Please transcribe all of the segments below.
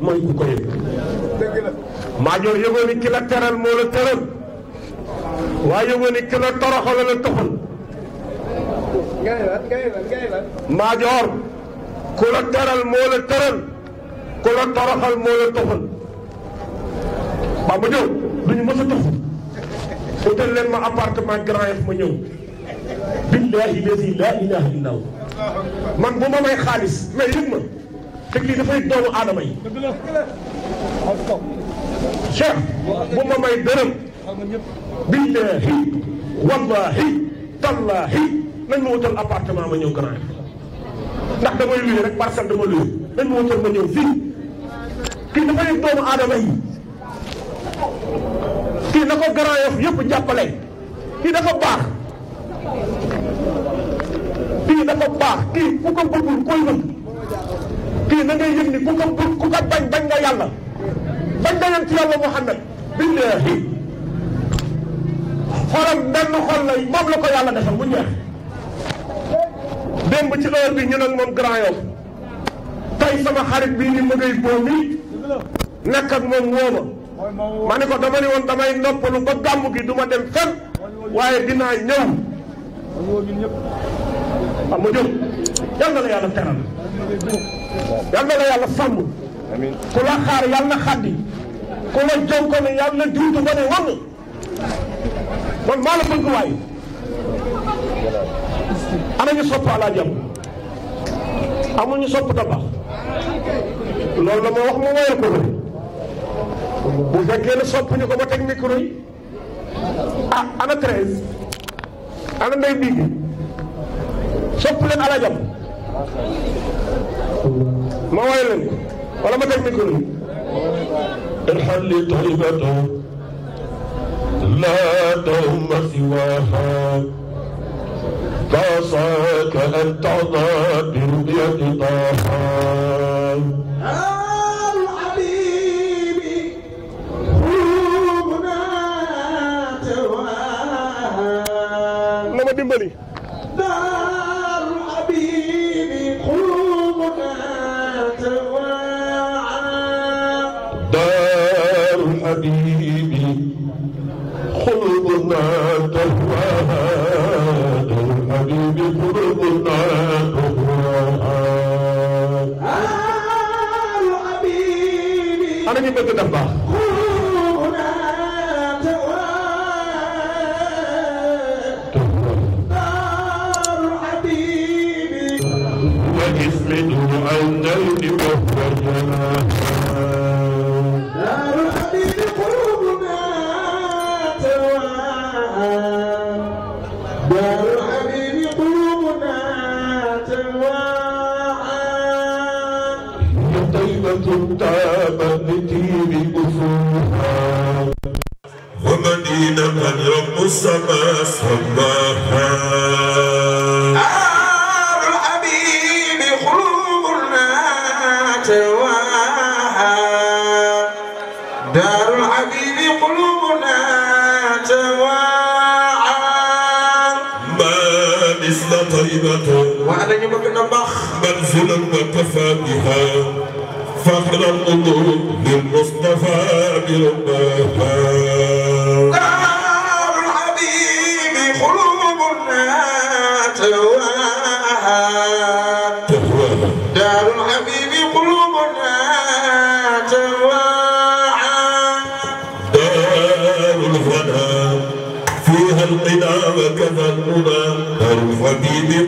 mooy ku ko yëg maajoor yëgoo ni ki la teral moo la teral waaye yëgoo ni ki la toroxal la toxal maajoor ku teral moo la teral ku la toroxal moo la toxal ba ma ñëw duñu mës a toxal utal leen ma appartement Grand Yoff ma ñëw billahi lazi la ilaha man bu ma may xaalis mais yëg ma te lii dafay doomu aadama yi. cheikh bu ma may dërëm. billahi wallahi tallahi nañ ma wutal appartement ma ñëw Grand ndax damay luy rek parcelle dama luy nañ ma wutal ma ñëw fii kii dafay doomu aadama yi kii na ko Grand Yoff jàppale kii dafa baax kii dafa baax kii ku ko koy bëgg kii na ngay yëg ni ku ko ku ko bañ bañ nga yàlla bañ nga yem ci yàlla Muhammad billaahi xolam benn xol la moom la ko yàlla defal bu ñeex démb ci heure bi ñu nag moom Grand Yoff tey sama xarit bii ni mu ngay boomi nekk ak moom wóoma ma ne ko dama ni woon damay noppalu ba gàmm gi du ma dem fenn waaye dinaa ñëw am ah, ma jóg yal na la yàlla teral yal na la yàlla sàmm ku la xaar yal na xaddi ku la jonkone yal na diwtu ba ne wàll man maa la bëgg ana ñu sopp Alaaji am amuñu sopp da loolu ma wax mu wayal ko rek bu fekkee ne sopp ko ba teg micro yi ah, ana treize ana ndey bii sopp leen Alaaji ma way leen wala ma teg micro yi irhal li taybata la dawma siwaha فعصاك أن تعضى برؤية طه والنيل والرجاء دار الحبيب قلوبنا تواء دار الحبيب قلوبنا تواء هي طيبة تابت لتيب أفوها ومدينة رب السماء سماها طيبة وأنا يمك نبخ منزلا متفابها فخر الأمور للمصطفى بربها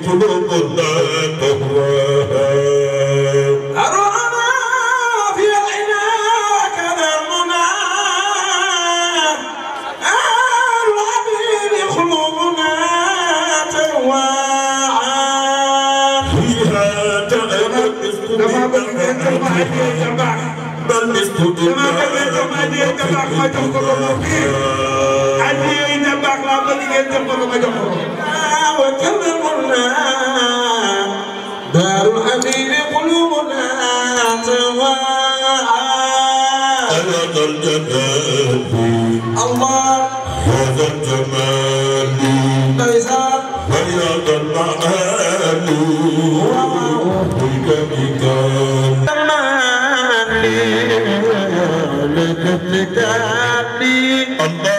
قلوبنا تهواها أرعنا في العنا وكذا المنى أهل الحبيب قلوبنا تهواها فيها تأمل بل استدمى كما كنت تبع ما تنقل فيه bëgg ngeen jox ko ma jox ko. wa kallamuna daarul amin qulubuna tawaa Allah هذا الجمال ورياض المعال بك بكال لك بكال الله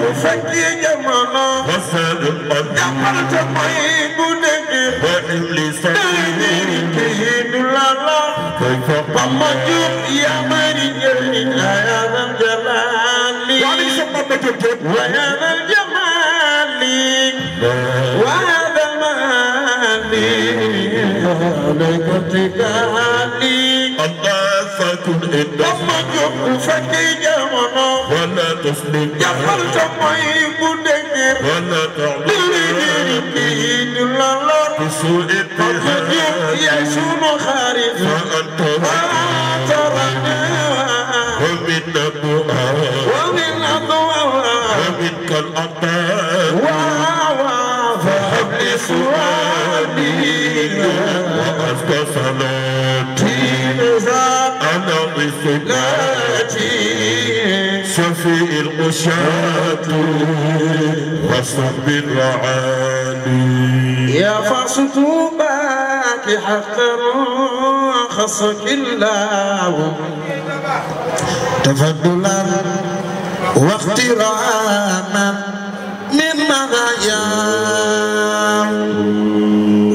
bu fekkee jamono wasaadu man jàppal te may bu nekk wa im li sàkkiri te hindu lala ba ma jub yaa mari njëriñ la yaa dal jamaali wa yaa dal jamaali wa yaa dal maali wa yaa dal maali تكن عندك لما جب فكي جامنا ولا تسلم جفلت معي بدنير ولا تعبد بسوء التهاب يعيشون خارج فأنت فأنت ومن أبوها ومن أبوها ومنك الأبطال فهب لسؤالي وأبقى صلاتي التي صفي القشاة وصحب الرعالي يا فاصطوباك حقا خصك الله تفضلا واقتراما من مغايا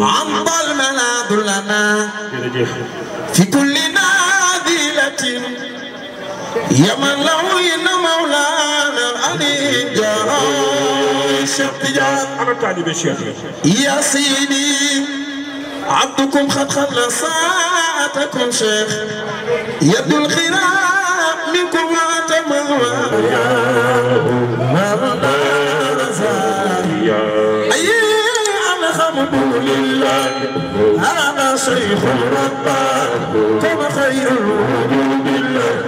عمضى المناد لنا في كل يا من له إن مولانا العلي جرى أنا طالب الشيخ يا سيدي عبدكم قد خلص ساعتكم شيخ يد الغرام منكم واتموا أيه الحمد لله هذا شيخ رباه كما خير الوجود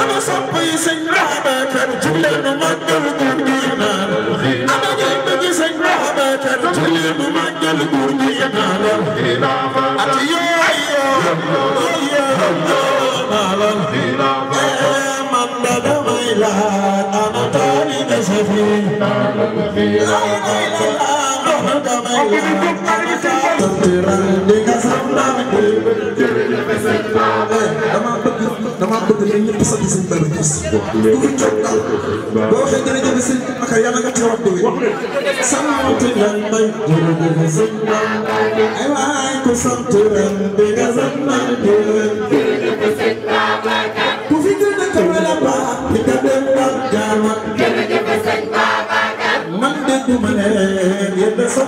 ana sopp yi sëñ Babacar jug leen nu màggal guddi naan ana ñuy bëgg sëñ Babacar jug leen nu màggal guddi naan at yoo yoo yoo naalal man da damay laaj ana taalibe sa fi damaa bëgg ne ñëpp sant sëñ Bara Niass. du ko jóg daal boo waxee jërëjëf sëñ Maka yàlla nga ci wax dëgg. sant lan may jërëjëf sëñ Bara ay waay ko sant ren di nga sant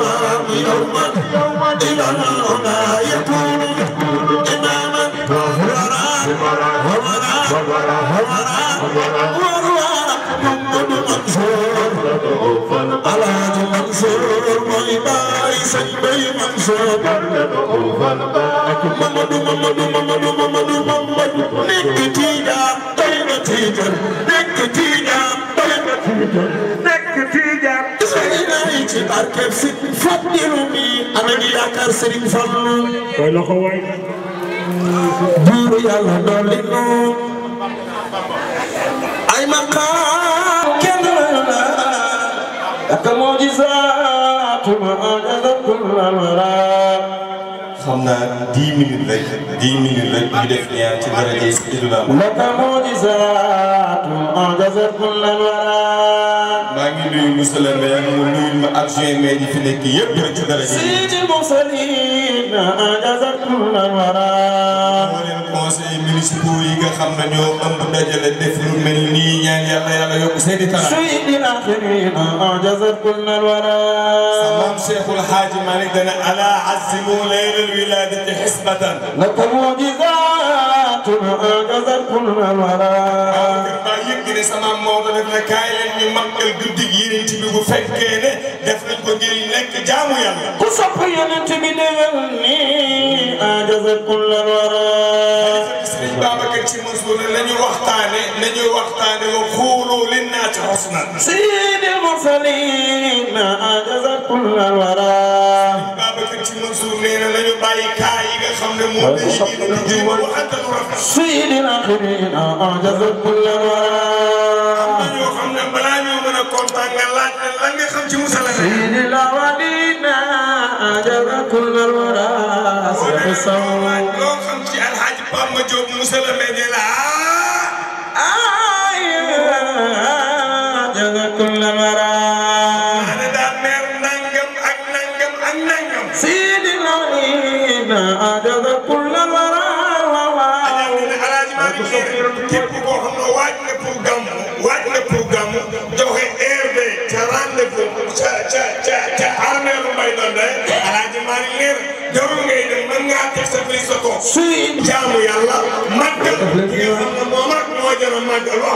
الإمام يوما إلى الهنا يكون إماما وفرارا ومرا ومرا وروارا محمد منصور الحاج منصور وإباي سيدي منصور محمد محمد محمد محمد محمد نكتيجا نكتيجا نكتيجا ci barkeb si fàddilu mi ana ngi yaakaar Serigne Fallou koy loxo waay buuru yàlla dolli nu ay maqaam kenn la ak mujizaatu ma ajada kulla mara xam naa dix minutes rek dix minutes rek ñu def ñaar ci daraje Idula laka mujizaatu ma ajada kulla mara maa ngi nuyu monsieur le maire mu nuyu ma adjoint maire yi fi nekk yëpp rek ci dara ji. moo leen conseil municipal yi nga xam ne ñoo ëmb dajale def lu mel nii ñaan yàlla yàlla yokk seeni tara. samaam Cheikhul Hadji Malick dana ala azimu laylal wiladati xisbatan ne sama Maodo def na kulla wara. sëriñ سيدنا خيرنا أعجز كل ما سيدنا ولينا أعجز كل الورى سيحصل لو خمسي الحاج بام جوب مسلم دي doy alaaji maa ngi leer jarul ngay dem mën ngaa teg sa fii sa toog. jaamu yàlla màggal li nga xam ne moom rek moo jar a màggal wax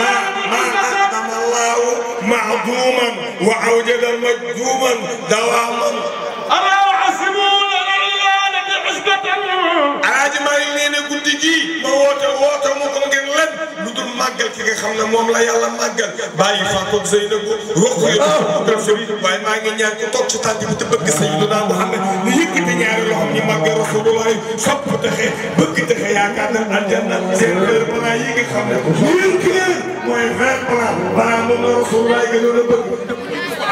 ma ma aqdama allahu maaduman wa awjada majduman dawaman alaaji maa ngi leen ne guddi gii ma woote woote mu ko ngeen lu dul màggal ki nga xam ne moom la yàlla màggal bàyyi fàkkoog Zeynabu roxu yi waaye maa ngi ñaan ko toog ci tànk bi te bëgg Sayyidina Muhammad ñu yëkkati ñaari loxoom ñu màggal Rasulullah sopp taxe bëgg taxe a na aljanna seen kër balaa yi nga xam ne mooy vingt plan balaa moom la Rasulullah gënoon a bëgg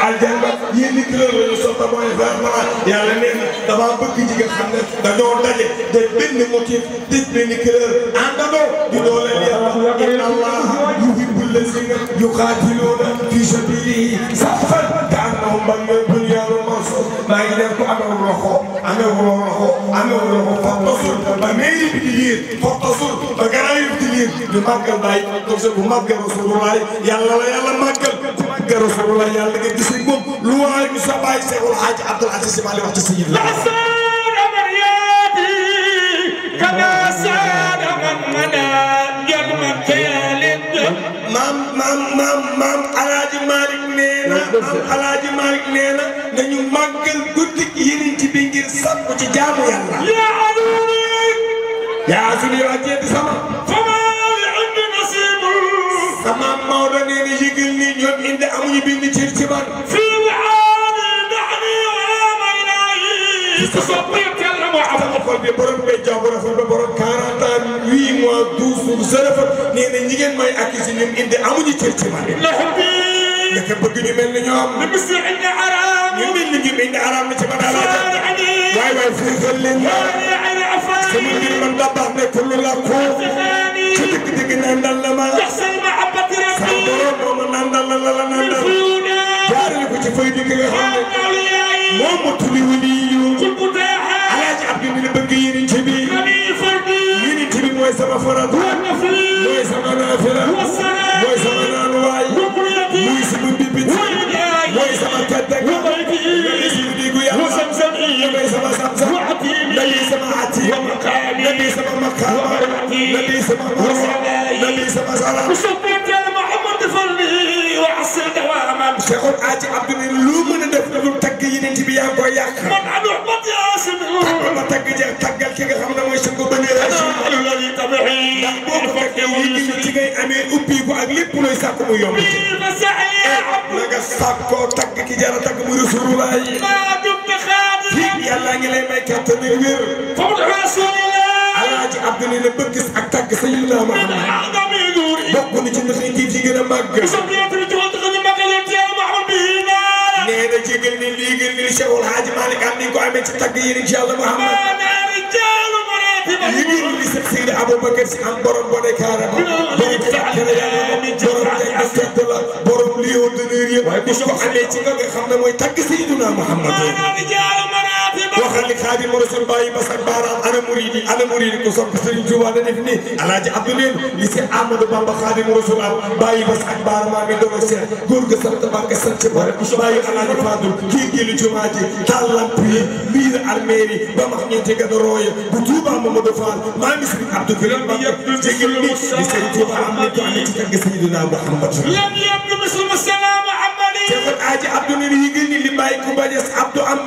aljanna yéen ñi kuréel la ñu soxla mooy vraiment yàlla nee na damaa bëgg ñi nga xam ne dañoo daje te benn motif tëj benn kuréel àndandoo di dooleel yàlla inna allaha yuhibbu allazina yuqaatiluuna fi sabilihi saffan ka'annahum bunyaanun marsuus maa ngi leen ko amewul loxo amewul loxo amewul loxo fottasul ba mairie bi di liir fottasul ba garaayub di liir ñu màggal daay bu màggal rasulullah yàlla la bëgg a rasulullah yàlla da nga gis moom lu waay mu sa bàyyi Seexul Xaaji Abdul Aziz Si Maalik wax ci sëñ la maam maam maam maam alaaji Malick nee na maam alaaji Malick nee na nañu màggal guddik yeneen ci bi ngir sàkku ci jaamu yàlla yaa aduuni yaa aduuni yow ak sama amuñu bind cër ci man. fii mu ànd ndax ni waa may naa yi. su soppi yàlla moo am. sama xol bi borom mbay jàmbur rafet ba borom 48 mois 12 jours sa rafet nee na ñi ngeen may accusé ñun indi amuñu cër ci man. ndax bii. naka bëgg ñu mel ni ñoom. li mu si indi araam. ñu mel ni ñu indi araam ci man. waay waay fii xel leen ma. sama mbir man daa baax ne kullu la ko. ci dëgg-dëgg naan naan la ma. sama borom yàlla la nandal jaarale ko ci fay dëgg nga xam ne moom mu tulli wali yu alaaji abdi mi la bëgg yéen ci bi yéen ci bi mooy sama farat mooy sama naafila mooy sama naanuwaay muy sama bibit mooy sama kaddeg mooy sama diggu yàlla mooy sama samsam nabi sama ati nabi sama makkaama nabi sama musa nabi sama salaam mu yomb ci eh, na nga sàkkoo tagg ki jara tagg mu rasulullah fii yàlla ngi lay may kattan ak wér alaaji abdulaay la bëgg ak tagg sayyidina Muhammad bokk na ci ndax njiit yi gën a màgg nee na jégal ni lii ngeen ni Cheikhul Hadji Malick am nañ ko amee ci tagg yi incha allah Muhammad li ngeen di seet Seydi Aboubacar si am borom bone kaara ba fedd la borom lii wut dëgër yëpp waaye bu soo xamee ci nga nga xam ne mooy tàgg Seydina waxal li xaadim rasul bàyyi ba sa baaraam ana muridi ana muridi ku sopp sëriñ Tuubaa da def nii alaaji abdoulin li si Amadou Bamba xaadim rasul am bàyyi ba sa baaraam mi doon seet góor ga sant barke sant ba bàyyi alaaji Fadul kii gii lu jumaa ji taal lamp yi miir armeer yi ba max ñeenti gadoroo yi bu Tuubaa Mamadou Fall maa ngi sëriñ Abdou Karim ba yëpp jéggal mi li sëriñ Tuubaa am na ko am ci tagg Sayyidina Muhammad Cheikhul Aji Abdou ni yi gën ni li bàyyi ku bañes Abdou am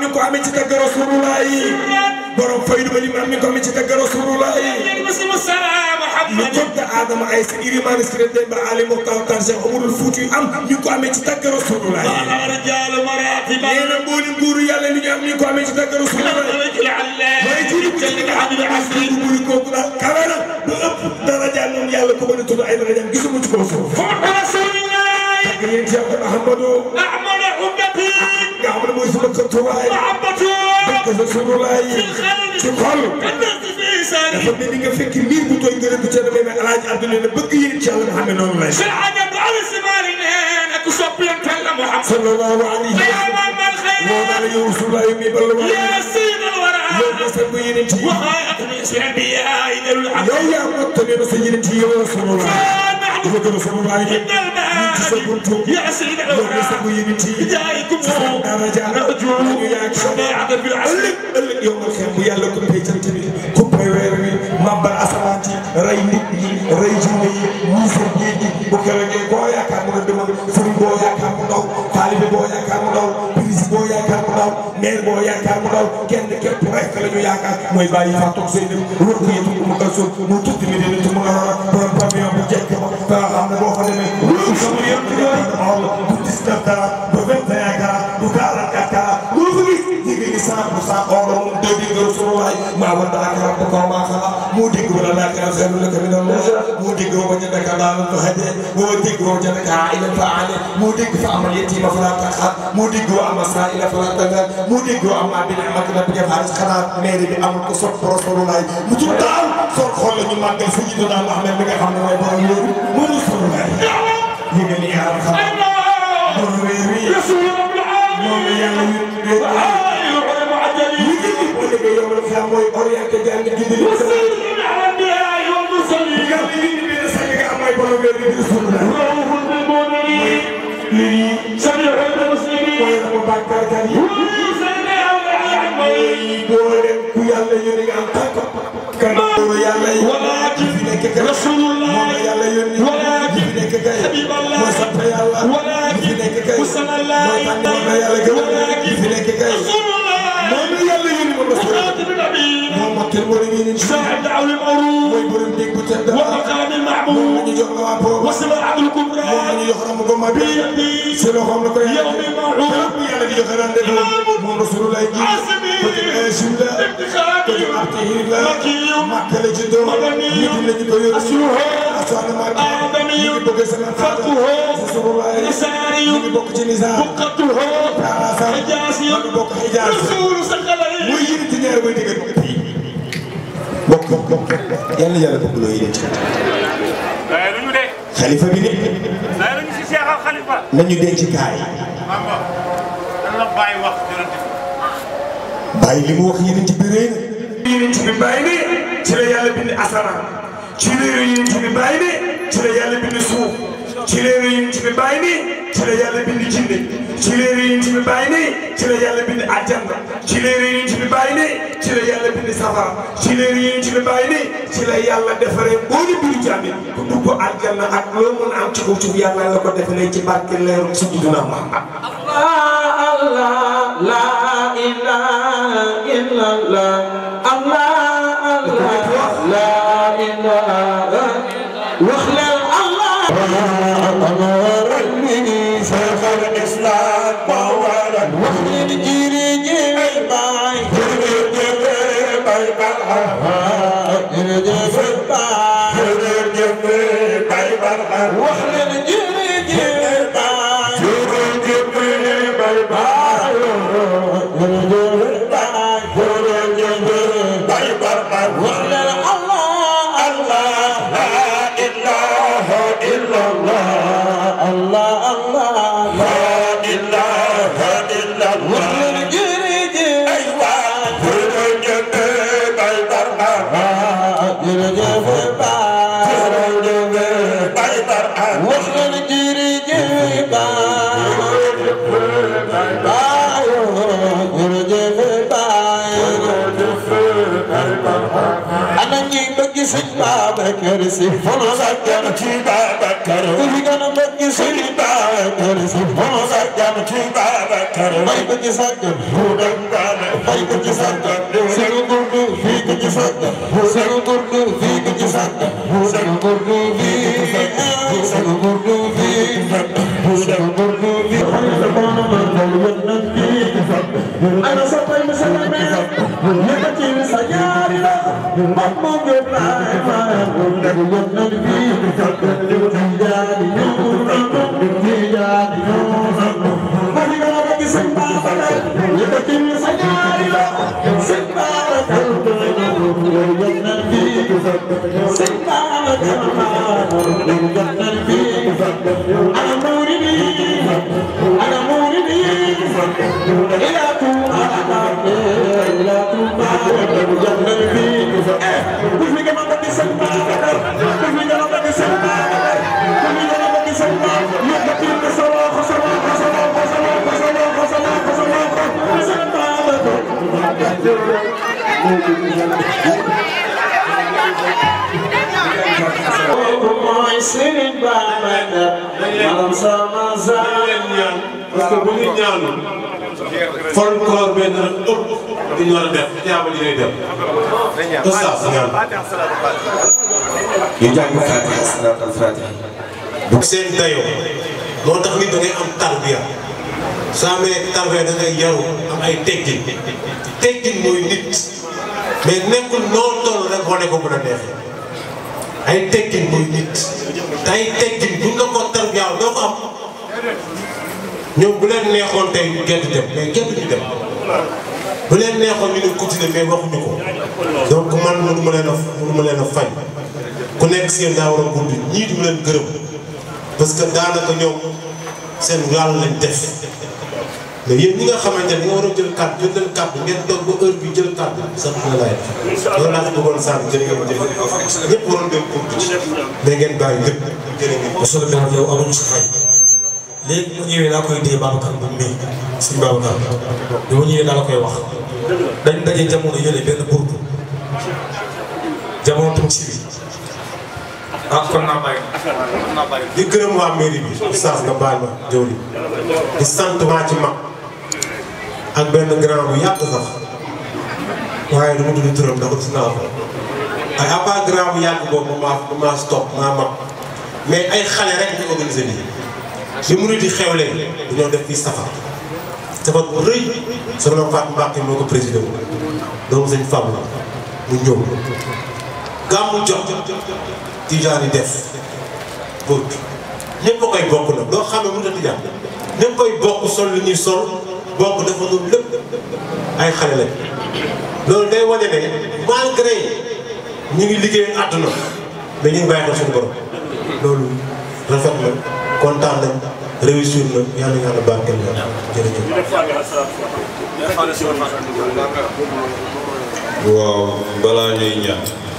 lu jot Adama ay sa irimaani si leen ba Ali Mokhtar Tan Cheikh Omarul Fuuti am mi ngi ko amee ci mi ko amee ci tagg Rasulullah mooy na bu ëpp dara jàll a tudd ay dara jàll nga yéen Cheikh Ahmadou. Ahmadou Ummati. nga xam ne mooy sama kër tuuraay. Mahabbatu. dëkk sa sunu laay. ci xol. dafa mel ni nga fekk miir bu tooy nga rëbb ca damay ne El Hadj Abdoulaye ne bëgg yéen Cheikh nga xam ne noonu lay. Cheikh Adama Alioune nee na ku soppi la mu am. sallallahu alayhi wa sallam. moo daal yow Rasulullaah mi bal wa. yaa sayyidal wara. yow ma sa yéen a ci. waxaay ak mi si rabi yaa yi dellu ak. yow yaa mottali ma sa yéen a ci yow Rasulullaah. dafa gën a sama baay yi ci sa buntu ya sayyid al awra sama yiniti jaay ku mo dara jaara ñu yaak sama ada bil ëllëg ëllëg yow nga xem bu yàlla ko pay cant bi ku pay weer wi mabal asamaati ray ni meer boo yaakaar mu daw kenn képp rek la ñu yaakaar mooy bàyyi fa toog seen mu koy mu tukki mi dina ci mun a lor borom pavillon bu jekk ba fa xam ne boo fa demee wër sama yëpp yooyu xool bu 19 dara ba 21 dara bu 44 dara rasulullahi ma wadda'aka rabbuka wa ma qala mu dégg wala laakira xayrun laka min al-ula mu dégg wa wajadaka daalan fahada wa dégg wa wajadaka aa'ilan fa'aghnaa mu dégg fa amal yatiima falaa taqhar mu dégg wa amal saa'ila falaa tanhar mu dégg wa amma bi ni'mati rabbika fahadith xanaa mairie bi amul ko sopp rasulullahi mu tudd daal soo xool la ñu màggal sayyidina Muhammad mi nga xam ne mooy borom loolu mu rasulullahi Dia mooy orienté jàng di di. mu sëñ bi nga xam ne ay yoon mu sëñ bi. yow li ñu bind sëñ bi nga am ay borom yooyu di di suuf la. loolu mun na moo ne nii. lii sëñ bi xëy na aussi. mooy sama bàkkaarkat yi. wala sëñ bi am na ay at mooy. boo dem ku yàlla yónni nga am tànk. kan yàlla yi. wala ci nekk kay. rasulullah wala yàlla yónni. wala ci nekk kay. عند أولي الأروم ومقام المعبود وسمى عبد الكبرى بيدي يوم موعود إمام رسول الله عزمي ابتخاري مكي مدني أسرها آدمي فقه نساري بقته حجازي رسول صلى الله عليه وسلم bokk bokk yàlla yàlla bokk loo yéene ci waaye lu ñu de xalifa bi de waaye lu ñu si seexal wax yonent bi bàyyi li mu wax yonent bi réer yonent ci la yàlla bi bàyyi ne ci la yàlla bind ci bi bàyyi ne ci la yàlla bind jinne ci leer yi ci bi ci la yàlla bind àjjana ci la yàlla bind safara ci la yàlla defaree mboolu biir jàmmi ku dugg àjjana ak loo mën a am ci kaw suuf yàlla la ko ci barke leeru Sayyidina Muhammad Allah la ilaha illallah Allah Allah la Babacar Si fono sakkam ci Babacar ku fi gën a bëgg Sëriñ Babacar Si fono sakkam ci Babacar may ko ci sakkam hudan dana may ko ci sakkam sëriñ Gurdu fii ko ci sakkam sëriñ Gurdu fii ko ci sakkam sëriñ Gurdu fii Ana murid, ana murid, ila parce que bu ñuy ñaanu folklore benn rek ëpp dañu war a def ñaaba li ñuy def. oustaz ñaan. ñu jàng Fatiha salaat al Fatiha. bu seen dayoo. moo tax nit da ngay am tarbiya. soo amee tarbiya da ngay yaru am ay teggin teggin mooy nit. mais nekkul noo toll rek wane ko mën a neexee ay teggin muy nit te ay teggin bu nga ko tarbiyaaw doo ko am ñoom bu leen neexoon tey gerte dem mais gerte ñu dem bu leen neexoon ñu ne continuer mais waxuñu ko donc man mënu ma leen a ma leen a fañ ku nekk seen daa war a gudd ñii du leen gërëm parce que daanaka ñoom seen wàll lañ def. mais yéen ñi nga xamante ne nga war a jël kàddu jël leen kàddu ngeen toog ba heure bi jël kàddu sant na laay def loolu laa ci bëggoon sant jërë ngeen jëf ñëpp waroon dem pour ci da ngeen bàyyi lépp jërë ngeen monsieur le maire yow amuñu sa fay léegi mu ñëwee laa koy dee Babacar bu mii suñ Babacar bi mu ñëwee laa koy wax dañ daje jamono yële benn burdu jamono tam si bi ah kon naa bàyyi kon naa bàyyi di gërëm waa mairie bi saas nga baal ma jëwri di sant waa ci mag ak benn grand bu sax waaye du ma tudd turam ndax gis naa ko ay à grand bu boobu maa maa stop maa mag mais ay xale rek ñu organisé nii bi mu di xewlee dañoo def fii safar safar bu rëy soxna Fatou Mbacke moo ko présidé wu doomu sëñ Fàmmu mu ñëw gàmmu jox tijaan yi def bóot ñëpp koy bokk nag doo xam ne mënut a tijaan koy bokk sol li ñuy sol boo ko defalul lépp ay xale lañ loolu day wane ne malgré ñu ngi liggéey àdduna dañuy ñu ngi bàyyi xel suñu loolu rafet na kontaan nañ réussir na yàlla yàlla barkeel na jërëjëf. waaw balaa ñuy ñaan.